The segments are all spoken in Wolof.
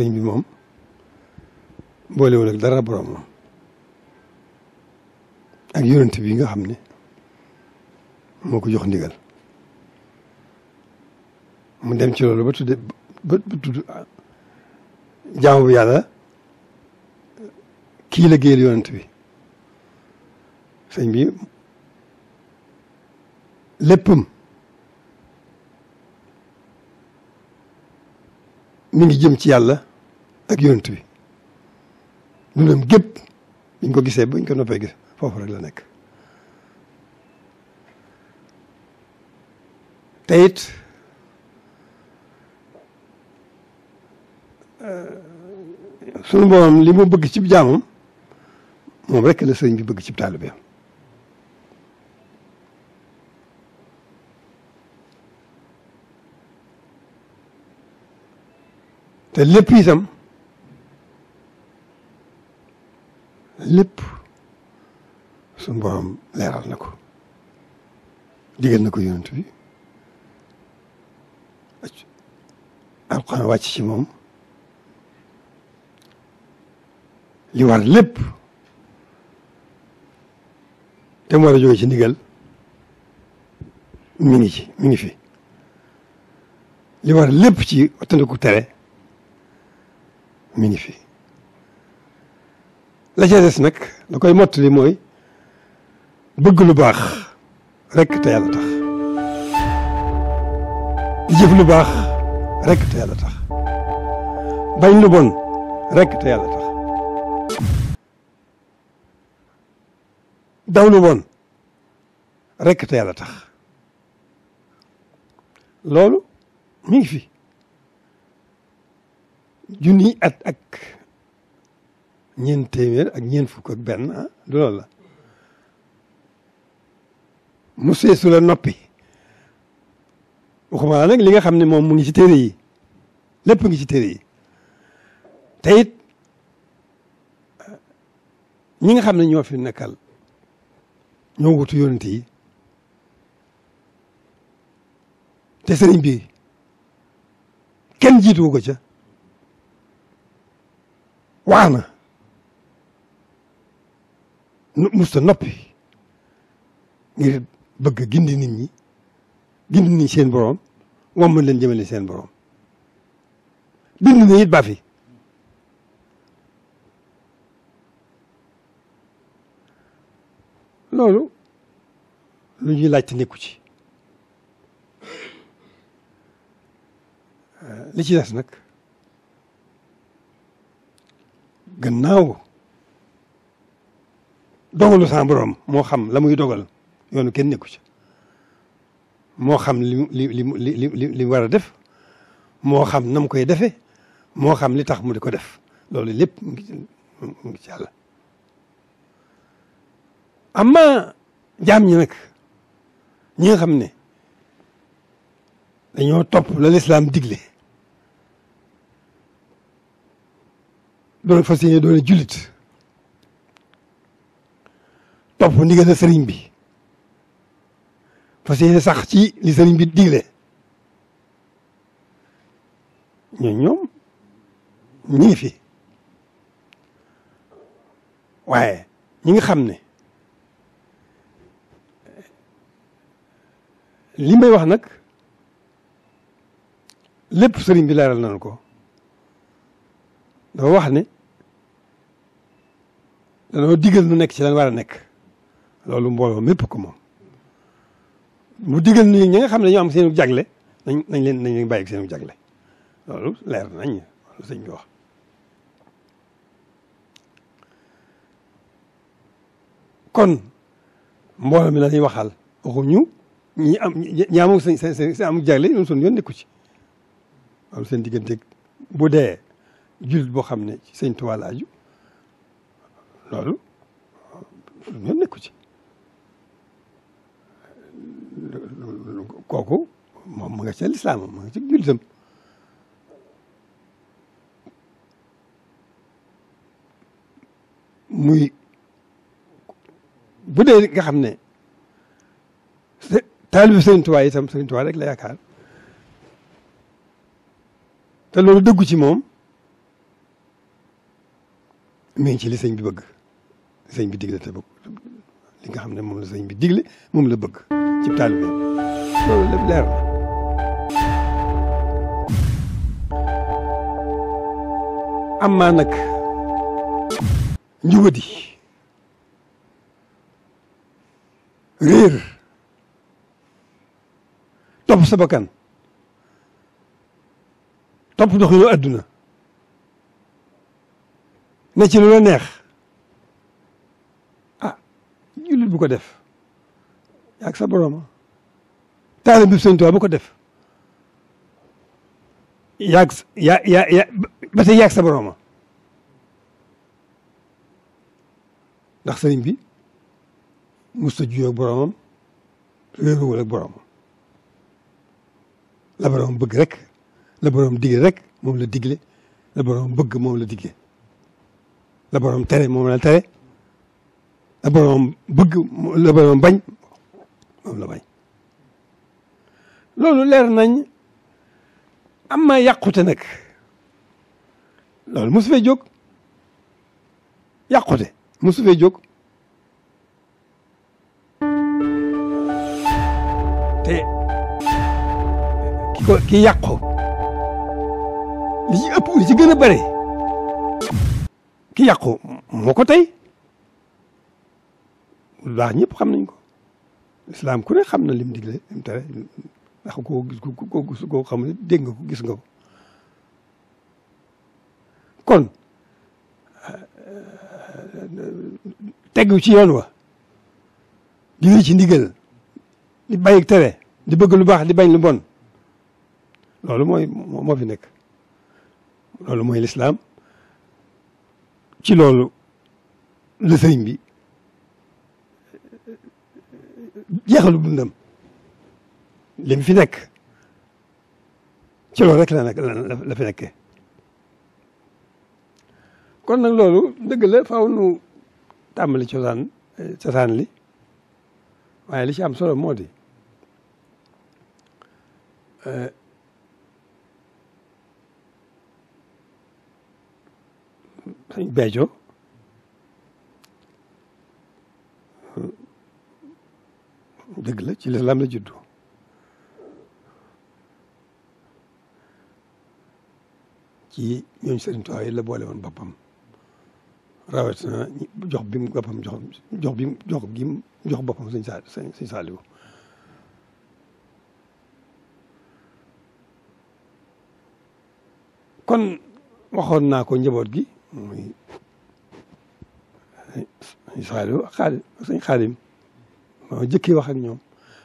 sëriñ bi moom boolewul ak dara boromam ak yonent bi nga xam ne moo ko jox ndigal mu dem ci loolu ba tudde ba tudd jaamu bu yàlla kii bi sëñ bi léppam mi ngi jëm ci yàlla ak yonent bi dundam gépp biñ ko gisee buñ ko noppee gis foofu rek la nekk te it eh, sunu boroom li bëgg cib jaamam moom rek la sëriñ bi bëgg cib taalibeem te lépp itam lépp suñ borom leeral na ko digal na ko yonent bi alxuraan wàcc ci moom li war lépp te mu war ci ndigal mi ngi ci mi ngi fi li war lépp ci wattandiku tere mi ngi fi la ca nag la koy mottali mooy bëgg lu baax rek te yàlla tax di lu baax rek te yàlla tax bañ lu bon rek te yàlla tax daw lu bon rek te yàlla tax loolu mi ngi fi junniy at ak ñeent téeméer ak ñeent fukk ak benn ah la mu seesu la noppi waxuma nag li nga xam ne moom mu ngi ci téere yi lépp ngi ci téere yi te ñi nga xam ne ñoo fi nekkal ñoo wutu yonent yi te sëriñ bi kenn jiituwu ko ca waana musta noppi ngir bëgg gindi nit ñi gindi ni seen borom wam mën leen jëmale seen borom bind na it ba loolu lu ñuy laajte nekku ci li ci des nag gannaaw dogalu sa borom moo xam la muy dogal yoonu kenn nekku ci moo xam li li li li war a def moo xam nam koy defee moo xam li tax mu di ko def loolu lépp mu ngi ci mu ngi ci yàlla amma jaam ñi nag ñi xam ne dañoo topp la lislaam digle doon fas yéene doon jullit topp ndigal sëriñ bi fas yéene sax ci li sëriñ bi digle ñoo ñoom ngi fi waaye ñi nga xam ne li may wax nag lépp sëriñ bi leeral nañu ko dafa wax ne danoo digal nu nekk ci lan war a nekk loolu mbooloo mépp ko moom mu digal ni ñi nga xam ne dañoo am seenu jagle nañ nañ leen nañ leen bàyyi seenu jagle loolu leer nañ loolu sëñ bi kon mbooloo mi la ñuy waxal waxuñu ñu am ñi amul seen seen seen amul jagle ñun suñu yoon nekku ci loolu seen diggante bu dee jul boo xam ne sëñ Tuubaa la aju loolu suñu yoon nekku ci kooku moom mu nga ci lislaam mu nga ci jullitam muy bu dee nga xam ne taalibu Sëriñ Tuubaa itam sam Tuubaa rek la yaakaar te loolu dëggu ci moom mi ngi ci li sëñ bi bëgg sëñ bi digle te bëgg nga xam ne moom la sëñ bi digle moom la bëgg ci taalibe loolu lépp leer na am maa nag njubadi réer topp sa bakkan topp doxinu àdduna ne ci lu la neex ah jullit bu ko def yaag sa borooma taali bi Sëñ Tuubaa def yaag yaa yaa yaa ndax sëriñ bi musta juyoo ak boroomam réeruwul ak la boroom bëgg rek la boroom digle rek moom la digle la boroom bëgg moom la digle la boroom tere moom la tere la boroom bëgg la boroom bañ loolu leer nañ am ma yàqute nag loolu mosu fee jóg yàqute mosu fee jóg te ki ko li ci ëpp li ci gën a bare ki yàqu moo tey lu baax ñëpp xam nañ ko lislaam ku ne xam na lim digle lim tere ndax koo gis koo xam ne dégg nga ko gis nga kon tegu ci yoon wa di wéy ci ndigal di bàyyi tere di bëgg lu baax di bañ lu bon loolu mooy moo fi nekk loolu mooy lislaam ci loolu la bi jeexalu dundam li mu fi nekk ci loolu rek la nekk la kon nag loolu dëgg la faaw nu tàmbali cosaan eh, cosaan li waaye li ci am solo moo di eh, sëñ Béthio dëgg la ci lislaam la juddu ci ñooñ Sëriñ Tuubaa yi la boole woon boppam rawatina jox bi mu boppam jox jox bi mu jox gi mu jox boppam sëñ saa sëñ Saaliw kon waxoon naa ko njaboot gi muy sëñ Saaliw ma jëkkee wax ak ñoom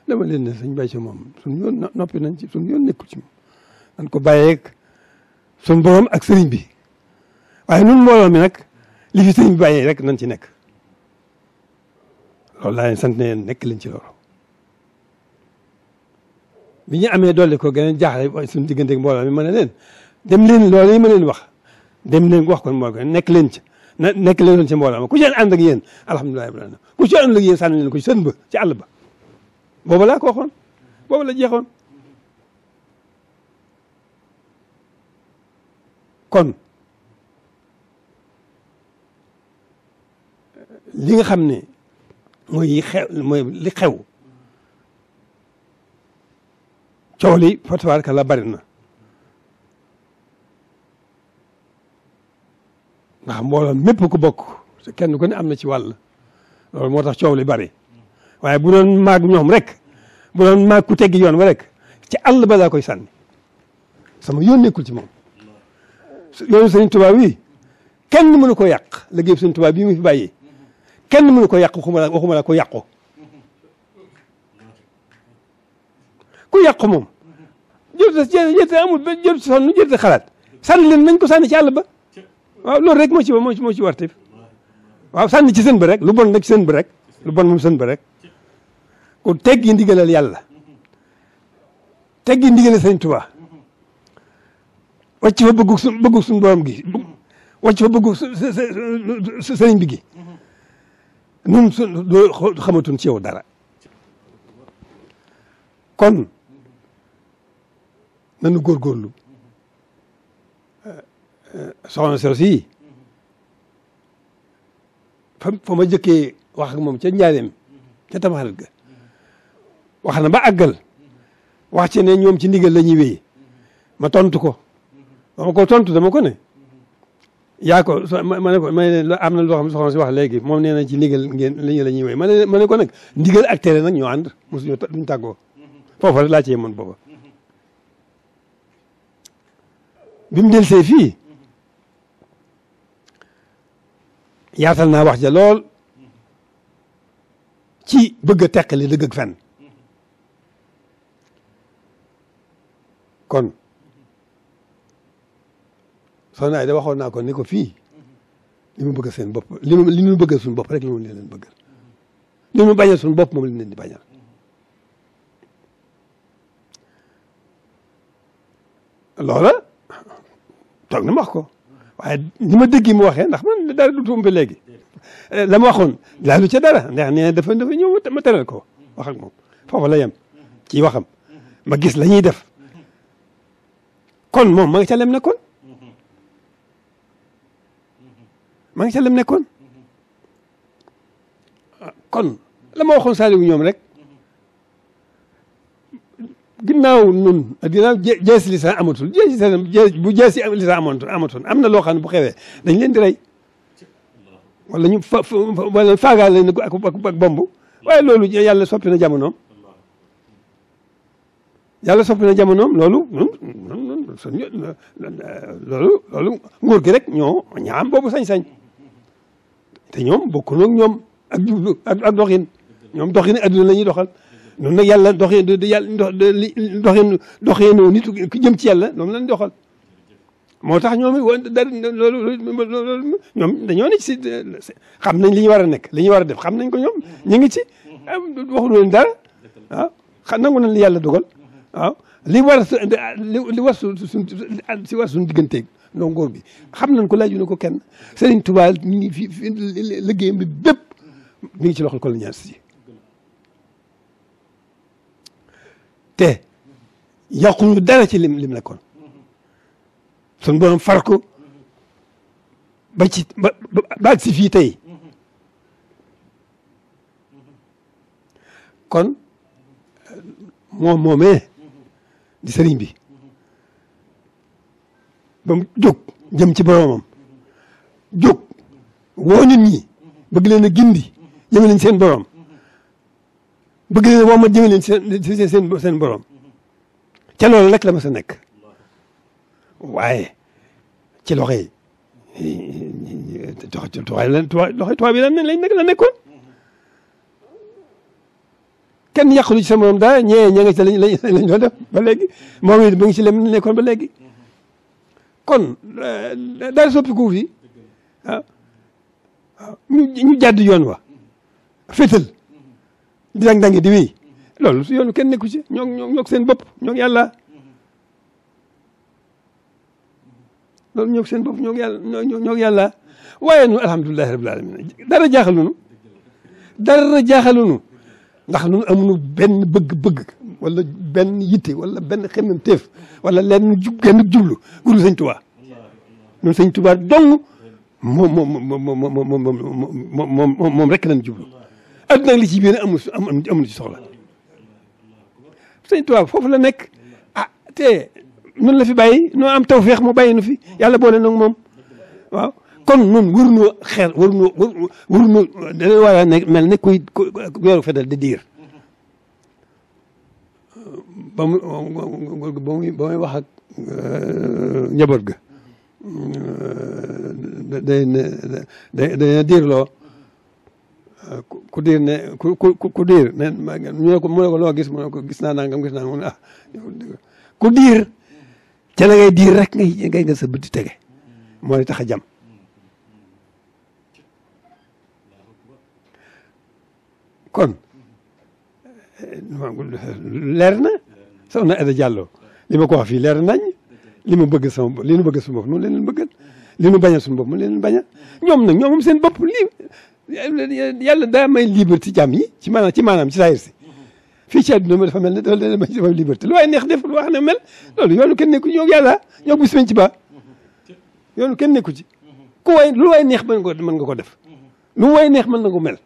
dama leen ne sëñ ci moom suñu yoon noppi nañ ci suñu yoon nekkul ci moom nañ ko bàyyeeg suñu borom ak sëriñ bi waaye nun mbooloo mi nag li fi rek nañ ci nekk loolu laa leen sant nekk leen ci loolu bi ñu amee dolli ko gën a jaaxle suñu diggante ak mbooloo ma ne leen dem leen loolu yi ma leen wax dem leen wax ko mbooloo nekk leen ci na nekk leen woon ci mbooloo ma ku ci ànd ak yéen alhamdulilah ku ci ànd ak yéen sànni leen ko ci sën ba ci àll ba booba laa ko booba la jeexoon kon li nga xam ne mooy yi li xew coow li fa la bari na ndax mbooloo mépp ko bokk kenn ku ne am na ci wàll loolu moo tax coow li bari waaye bu doon maag ñoom rek bu doon ku teggi yoon ba rek ci àll ba laa koy sànni sama yoon nekkul ci moom yoonu sëñ Tuubaa wi kenn mënu ko yàq liggéey sëñ Tuubaa bii mu fi bàyyi kenn mënu ko yàq waxuma la waxuma la ko yàqu ku yàqu moom jërte jërte amul ba jërte sonn jërte xalaat sànni leen nañ ko sànni ci àll ba waaw loolu rek moo ci moo ci moo ci war tef waaw sànni ci seen bi rek lu bon nag seen bi rek lu bon moom seen bi rek ku teggi ndigalal yàlla teggi ndigalal fa bëggu su bëggu suñu borom gi wàcc fa bëggu sëriñ bi gi nun su xamatuñ ci yow dara kon nanu góorgóorlu Eh, soxna si aussi fa fa ma jëkkee wax ak moom ca njaareem ca tabaxarit ga wax na ba àggal wax ci ne ñoom ci ndigal la ñuy wéy ma tontu ko ma ko tontu dama ko ne yaa ko ma ne ko ma ne am na loo xam si wax léegi moom nee ci ndigal ngeen la ñuy wéy ma ne ko nag ndigal ak tere nag ñoo ànd mosuñu duñ tàggoo foofu rek laa ci yemoon booba bi del see fii yaatal naa wax ja lool ci bëgg a teqali dëgg ak fen kon de Ayda waxoon naa ko ni ko fii li mu bëgg seen bopp li li ñu bëgg suñu bopp rek li mu leen bëgg li mu bañal suñu bopp moom li leen di bañal loola toog na wax ko waaye ni ma dégg mu waxee ndax man dara du tumbe léegi eh, la ma waxoon laalu ca dara ndax nee dafa dafa ñëw ma teral ko wax ak moom foofu la yem waxam ma gis la ñuy def kon moom ma nga ca lem nekkoon ma nga ca lem nekkoon ah, kon la ma waxoon Saliou ñoom rek ginnaaw nun ginnaaw jees li sax amatul jees li bu jees li sax amatul amatul am na loo xam ne bu xewee dañ leen di rey wala ñu fa wala faagaal lañ ak ak bomb waaye loolu yàlla soppi na jamonoom yàlla soppi na jamonoom loolu nun nun loolu loolu nguur gi rek ñoo boobu sañ-sañ te ñoom bokkuñu ak ñoom ak ak doxin ñoom doxin adduna la ñuy doxal noonu nag yàlla doxee yàlla dox doxee doxee noo nit ku jëm ci yàlla noonu lañ doxal. moo tax ñoom it dara loolu loolu ñoom dañoo ne si xam nañ li ñu war a nekk li ñu war a def xam nañ ko ñoom ñu ngi ci. Ah waxuñu leen dara ah xam nangu nañ li yàlla dogal waaw ah li war li war su suñ si war suñu digganteeg ndongoor bi xam nañ ko laaju na ko kenn Serigne Touba ñu ngi fi liggéeyam bi bépp mi ngi ci loxol Kolda Niass si. te yàquñu dara ci lim lim nekkoon sun borom far ba ci ba fii tey kon moom moomee di sëriñ bi ba mu jóg jëm ci boromam jóg woo nit ñi bëgg leen gindi jëme nañ seen borom bëgg leen woo ma jëme leen seen seen seen borom ca loolu nag la ma sa nekk waaye ci loxo yi loxo tubaab yi lan lañ nekk la nekkoon kenn yàqulu ci sa morom daa ñee ña nga ci lañ lañ doon def ba léegi moom it mu ngi ci lem nekkoon ba léegi kon eh, daal soppiku fi waaw ah, ah, ñu jàdd yoon wa fétal di dang dangi loolu su yoonu kenn nekku ci ñoo ñoo seen bopp ñoo yàlla loolu ñoo seen bopp ñoo yàlla ñoo yàlla waaye nu alhamdulilahi rabil alamin dara jaaxalunu dara jaaxalunu ndax nun amuñu benn bëgg-bëgg wala benn yitte wala benn xemmam teef wala lenn jub jublu guru sëñ tubaa nun sëñ tubaa dong moom moom moom moom moom moom moom moom rek jublu adduna ak li ci biir amul amul ci soxla sëñ la nekk ah te noonu la fi bàyyi noo am tawféex mu bàyyi nu fi yàlla boole nag moom waaw kon noonu waruñoo xeer waruñoo waruñoo dana war a mel ne kuy weeru fetal di diir ba mu ba muy ba muy wax ak njaboot ga day day ku diir ku ku mu ne ko loo gis mu ne ko gis naa nangam gis naa mu ne ah ku diir ca la ngay diir rek nga sa tege moo di tax a jam kon leer na soxna Aida Diallo li ma ko wax fii leer nañ li ma bëgg sama li nu bëgg suñu bopp noonu leen bëggal li nu bañal suñu bopp mu leen bañal ñoom nag ñoom moom bopp lii yàlla daa may liberté jàmm yi ci maanaam ci maanaam ci saayir si fii ci àdduna ma dafa mel ne dafa leen may dafa liberté lu waaye neex def lu wax ne mel loolu yoonu kenn nekku ci ñoo yàlla ñoo bis ci ba yoonu kenn nekku ci ku waay lu waay neex mën nga ko mën nga ko a lu waay neex mën na ko mel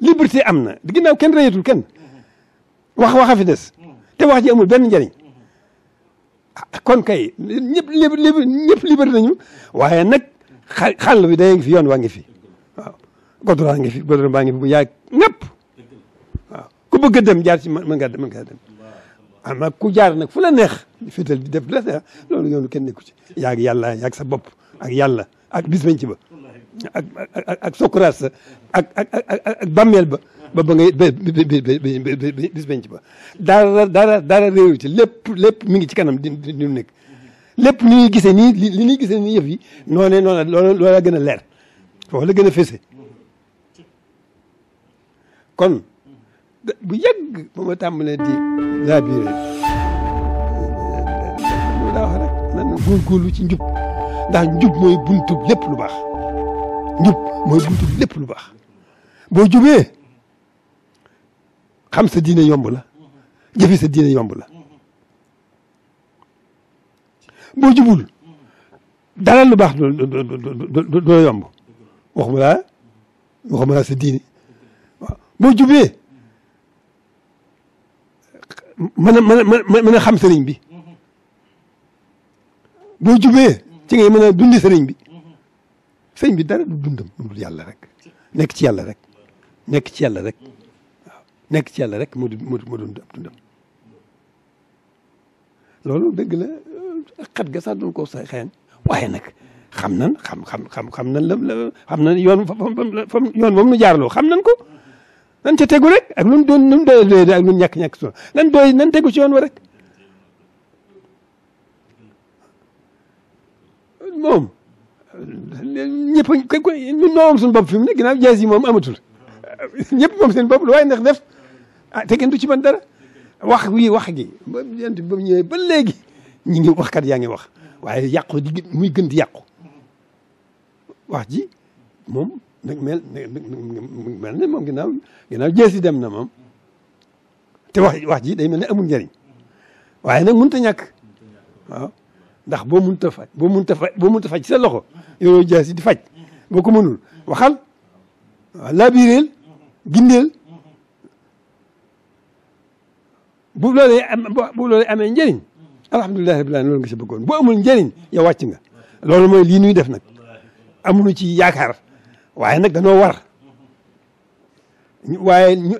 liberté am na ginnaaw kenn reyatul kenn wax waxa fi des te wax ji amul benn njëriñ ah, kon kay ñëpp ñëpp liberté nañu waaye nag xàll bi day ngi fi yoon waa ngi fi goudron ngi fi goudron baa ngi fi bu yaay ñëpp waaw ku bëgg a dem jaar ci mën ngaa dem mën ah, ngaa dem ama ku jaar nag fu la neex féetal bi def la ah, neex loolu yoonu kenn nekku ci yaag yàlla yaag sa bopp ak yàlla ak bis bañ ci ba ak ak ak sokuraas sa ak ak ak bàmmeel ba ba ba ngay bis bañ ci ba dara dara dara réew ci lépp lépp mi ngi ci kanam di di nekk lépp ni ñuy gisee nii li ñuy gisee nii yëf yi noo ne noonu loola loola gën a leer foofu la gën a fese kon bu yàgg ba ma tàmbalee di laabiré mu daa wax rek nan góorgóorlu ci njub ndax njub mooy buntub lépp lu baax njub mooy buntub lépp lu baax boo jubee xam sa diine yomb la jëfe sa diine yomb la boo jubul dara lu baax du du du du yomb waxuma laa waxuma laa sa diine boo jubee mën a mën a xam sëriñ bi boo jubee ci ngay mën a dundi sëriñ bi sëriñ bi dara du dundam dundul yàlla rek nekk ci yàlla rek nekk ci yàlla rek waaw nekk ci yàlla rek moo di moo dund ab dundam loolu dëgg la xat ga sax doon ko sa xëyan waaye nag xam nan xam xam xam xam nan la xam nan yoon fa yoon moom nu jaarloo xam nan ko nan ca tegu rek ak nun doon nu mu doyee ak nun ñàkk-ñàkk sunu nan doy nan tegu ci yoon wa rek moom ñëpp a ko ñun ñoo am suñu bopp fi mu ne ginnaaw jaas yi moom amatul ñëpp moom seen bopp lu waaye ndax def ah te kenn ci man dara wax wii wax gi ba ba léegi ñi ngi waxkat yaa ngi wax waaye yàqu di muy gën di yàqu wax ji moom nag mel mel ne moom ginnaaw ginnaaw jeesi dem na moom wax ji day mel ne amul njëriñ waaye nag mënut ñàkk ndax boo mënut a faj boo mënut a faj boo loxo yow jeesi di faj boo ko mënul waxal waaw gindeel bu loolee am bu loolee amee njëriñ alhamdulilah rabbil aalamiin loolu nga si bëggoon boo amul njariñ yow wàcc nga loolu mooy lii nuy def nag amuñu ci yaakaar. waaye nag dañoo war waaye ñu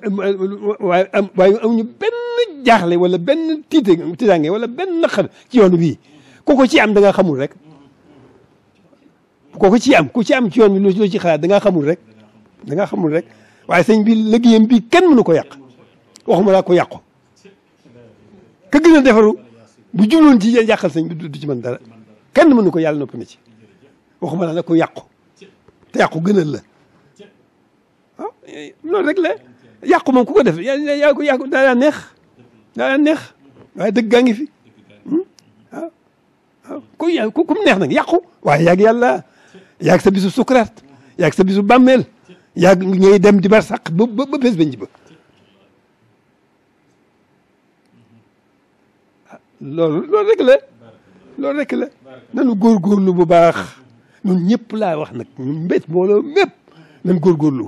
waaye am waaye amuñu benn jaaxle wala benn tiite tiitaange wala benn naqar ci yoon bii ku ko ci am da nga xamul rek ku ko ci am ku ci am ci yoon bi loo ci xalaat da nga xamul rek da nga xamul rek waaye sëñ bi liggéeyam bi kenn mënu ko yàq waxuma laa ko yàqu ka gën a defaru bu jubloon ci yàqal sëñ bi du ci mën dara kenn mënu ko yàlla nopp na ci waxuma laa nag ko yàqu te yàqu gënal la ah loolu rek la yàqu moom ku ko def yaa ko yàqu daa daa neex daa daa dëgg gaa ngi fi hmm? ah ah ku yà ku mu neex nag yàqu waaye yàgg yàlla yàgg sa bisu sukuraat yàgg sa bisu bàmmeel yàgg ñooy dem di barsàq ba ba ba bés ba nji ah, ba ñun ñëpp laa wax nag ñun mbét mbooloo mépp nañ góorgóorlu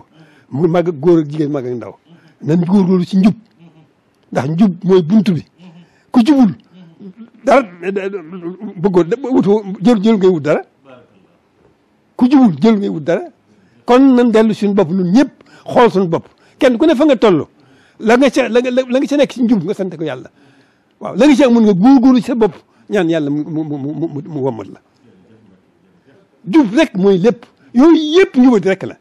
mu mag ak góor ak jigéen mag ak ndaw nañ góorgóorlu ci njub ndax njub mooy buntu bi ku jubul dara bëggoo wutoo jël jël ngay wut dara ku jubul jël ngay wut dara kon nañ dellu suñu bopp ñun ñëpp xool suñu bopp kenn ku ne fa nga toll la nga ca la nga ca nekk ci njub nga sant ko yàlla waaw la nga ca mën nga góorgóorlu ci bopp ñaan yàlla mu mu mu mu wommat la jub rek mooy lépp yooyu yëpp njubadi rek la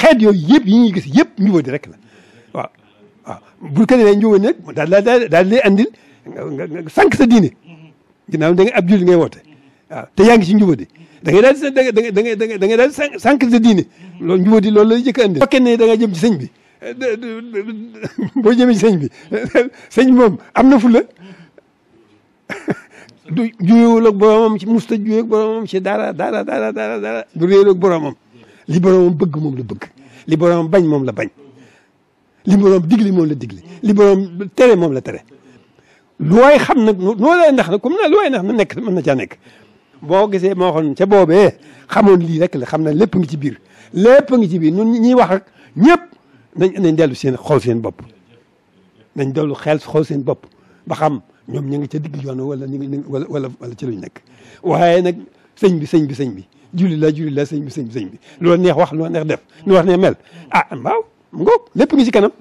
xeet yooyu yëpp yi gis yëpp njubadi rek la waaw waaw bu ko defee njubadi nag daal daal daal daal lay andil nga sànq sa diine ginnaaw da nga ab julli ngay woote waaw te yaa ngi ci njubadi da ngay daal da nga da nga da nga daal sànq sa diine loolu njubadi loolu lay jëkk andil fekkee ne da nga jëm sëñ bi boo jëmee ci bi sëñ bi moom am na fu du juyewul ak boromam ci musta juyee ak boromam ci dara dara dara dara dara du réer ak li boromam bëgg moom la bëgg li boromam bañ moom la bañ li boromam digli moom la digli li boromam tere moom la tere lu waay xam nag noo lay ndax nag comme na lu ndax na nekk mën na caa nekk boo gisee moo xoon boobe boobee xamoon lii rek la xam na lépp ngi ci biir lépp ngi ci biir ñun ñuy wax ak ñëpp nañ nañ dellu seen xool seen bopp nañ dellu xel xool seen bopp ba xam ñoom ñu ngi ca digg yoon wala ñu ngi wala wala wala ci luñ nekk waaye nag sëñ bi sëñ bi sëñ bi julli la julli sëñ bi sëñ bi sëñ bi loolu neex wax loolu neex def lu wax ne mel ah waaw mu ngoog lépp ngi ci kanam